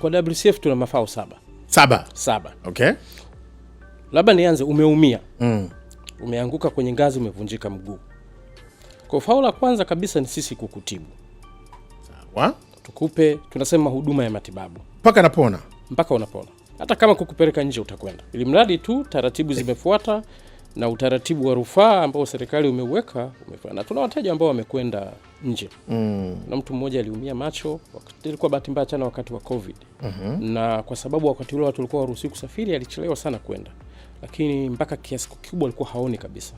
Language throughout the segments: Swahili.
kwa WCF tuna mafao saba saba saba. Okay, labda nianze, umeumia mm. umeanguka kwenye ngazi, umevunjika mguu. Kwa fao la kwanza kabisa ni sisi kukutibu, sawa, tukupe, tunasema huduma ya matibabu mpaka napona, mpaka unapona, hata kama kukupeleka nje utakwenda, ili mradi tu taratibu eh. zimefuata na utaratibu wa rufaa ambao serikali umeuweka umefanya, tuna wateja ambao wamekwenda nje mm. na mtu mmoja aliumia macho, ilikuwa bahati mbaya sana wakati wa COVID mm -hmm. na kwa sababu wakati ule watu walikuwa waruhusiwi kusafiri, alichelewa sana kwenda, lakini mpaka kiasi kikubwa alikuwa haoni kabisa,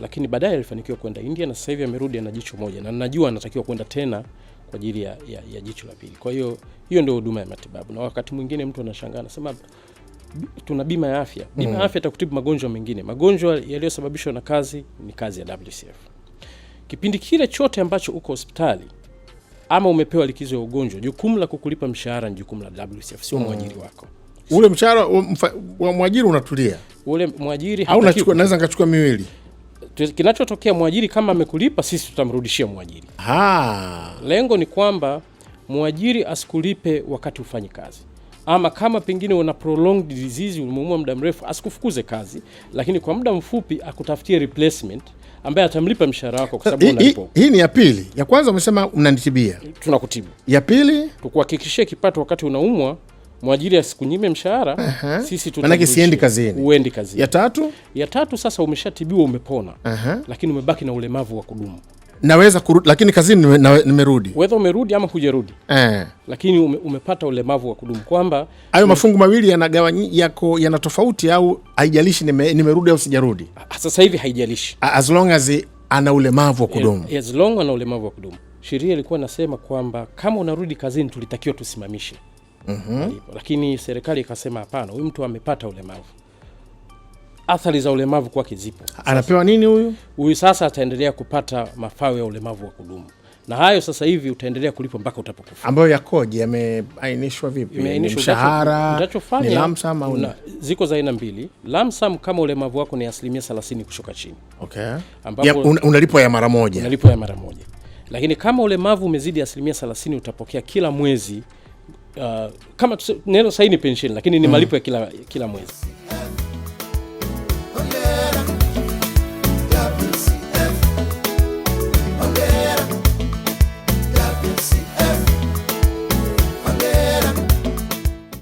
lakini baadaye alifanikiwa kwenda India na sasa hivi amerudi ana jicho moja, na najua anatakiwa kwenda tena kwa ajili ya, ya, ya jicho la pili. Kwa hiyo hiyo ndio huduma ya matibabu, na wakati mwingine mtu anashangaa anasema tuna bima ya afya. Bima ya mm. afya itakutibu magonjwa mengine. Magonjwa yaliyosababishwa na kazi ni kazi ya WCF. Kipindi kile chote ambacho uko hospitali ama umepewa likizo ya ugonjwa, jukumu la kukulipa mshahara ni jukumu la WCF, sio mm. mwajiri wako. Ule mshahara wa mwajiri unatulia, ule mwajiri naweza nkachukua miwili. Kinachotokea mwajiri kama amekulipa, sisi tutamrudishia mwajiri. Ha. Ah. Lengo ni kwamba mwajiri asikulipe wakati ufanyi kazi ama kama pengine una prolonged disease, umeumwa muda mrefu, asikufukuze kazi, lakini kwa muda mfupi akutafutie replacement ambaye atamlipa mshahara wako kwa sababu unalipo. Hii ni ya pili. Ya kwanza umesema mnanitibia, tunakutibu. Ya pili tukuhakikishie kipato wakati unaumwa mwajiri asikunyime mshahara. Aha. Sisi maanake siendi kazini, uendi kazini. Ya tatu, ya tatu sasa umeshatibiwa, umepona. Aha. Lakini umebaki na ulemavu wa kudumu naweza kurudi, lakini kazini nimerudi. Wewe umerudi ama hujarudi eh, lakini ume, umepata ulemavu wa kudumu kwamba hayo mafungu mawili yanagawanyika, yako yana tofauti, au haijalishi nime, nimerudi au sijarudi. Ah, ah, sasa hivi haijalishi, as long as ana ulemavu wa eh, kudumu as long ana ulemavu wa kudumu. Sheria ilikuwa nasema kwamba kama unarudi kazini, tulitakiwa tusimamishe. mm -hmm. Lakini serikali ikasema hapana, huyu mtu amepata ulemavu athari za ulemavu kwake zipo. Anapewa nini huyu? Huyu sasa ataendelea kupata mafao ya ulemavu wa kudumu na hayo sasa hivi utaendelea kulipa mpaka utapokufa Ambayo yakoje? Yameainishwa vipi? mshahara, ni au ziko za aina mbili. Lamsam kama ulemavu wako ni asilimia 30 kushuka chini, okay, ambapo unalipwa ya mara moja, unalipwa ya mara moja. Lakini kama ulemavu umezidi asilimia 30 utapokea kila mwezi uh, kama neno sahihi ni pension, lakini ni hmm. malipo ya kila, kila mwezi.